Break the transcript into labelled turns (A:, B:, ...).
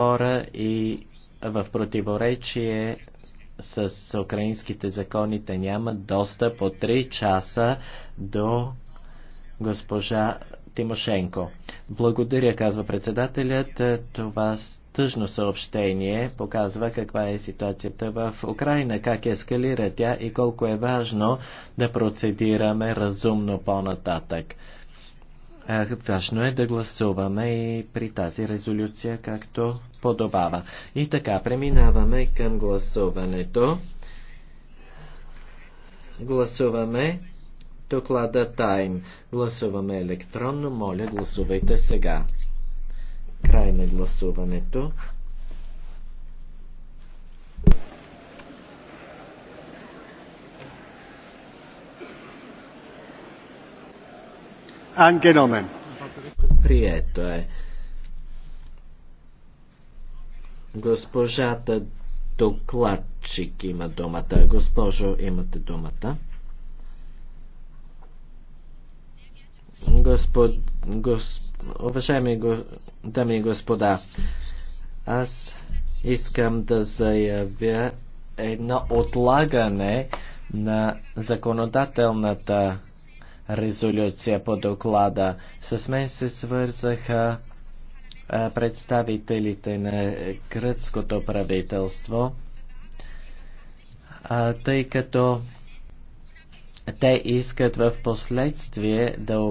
A: хора и в противоречие с украинските закони те нямат доста по 3 часа до госпожа Тимошенко. Благодаря, казва председателят. Това тъжно съобщение показва каква е ситуацията в Украина, как ескалира тя и колко е важно да процедираме разумно по-нататък. Е, важно е да гласуваме и при тази резолюция, както подобава. И така, преминаваме към гласуването. Гласуваме доклада Тайм. Гласуваме електронно. Моля, гласувайте сега. Край на гласуването. Angenommen. Прието е. Госпожата докладчик има думата. Госпожо, имате думата. Господ, гос, уважаеми го, дами и господа, аз искам да заявя едно отлагане на законодателната резолюция по доклада. С мен се свързаха представителите на гръцкото правителство, тъй като те искат в последствие да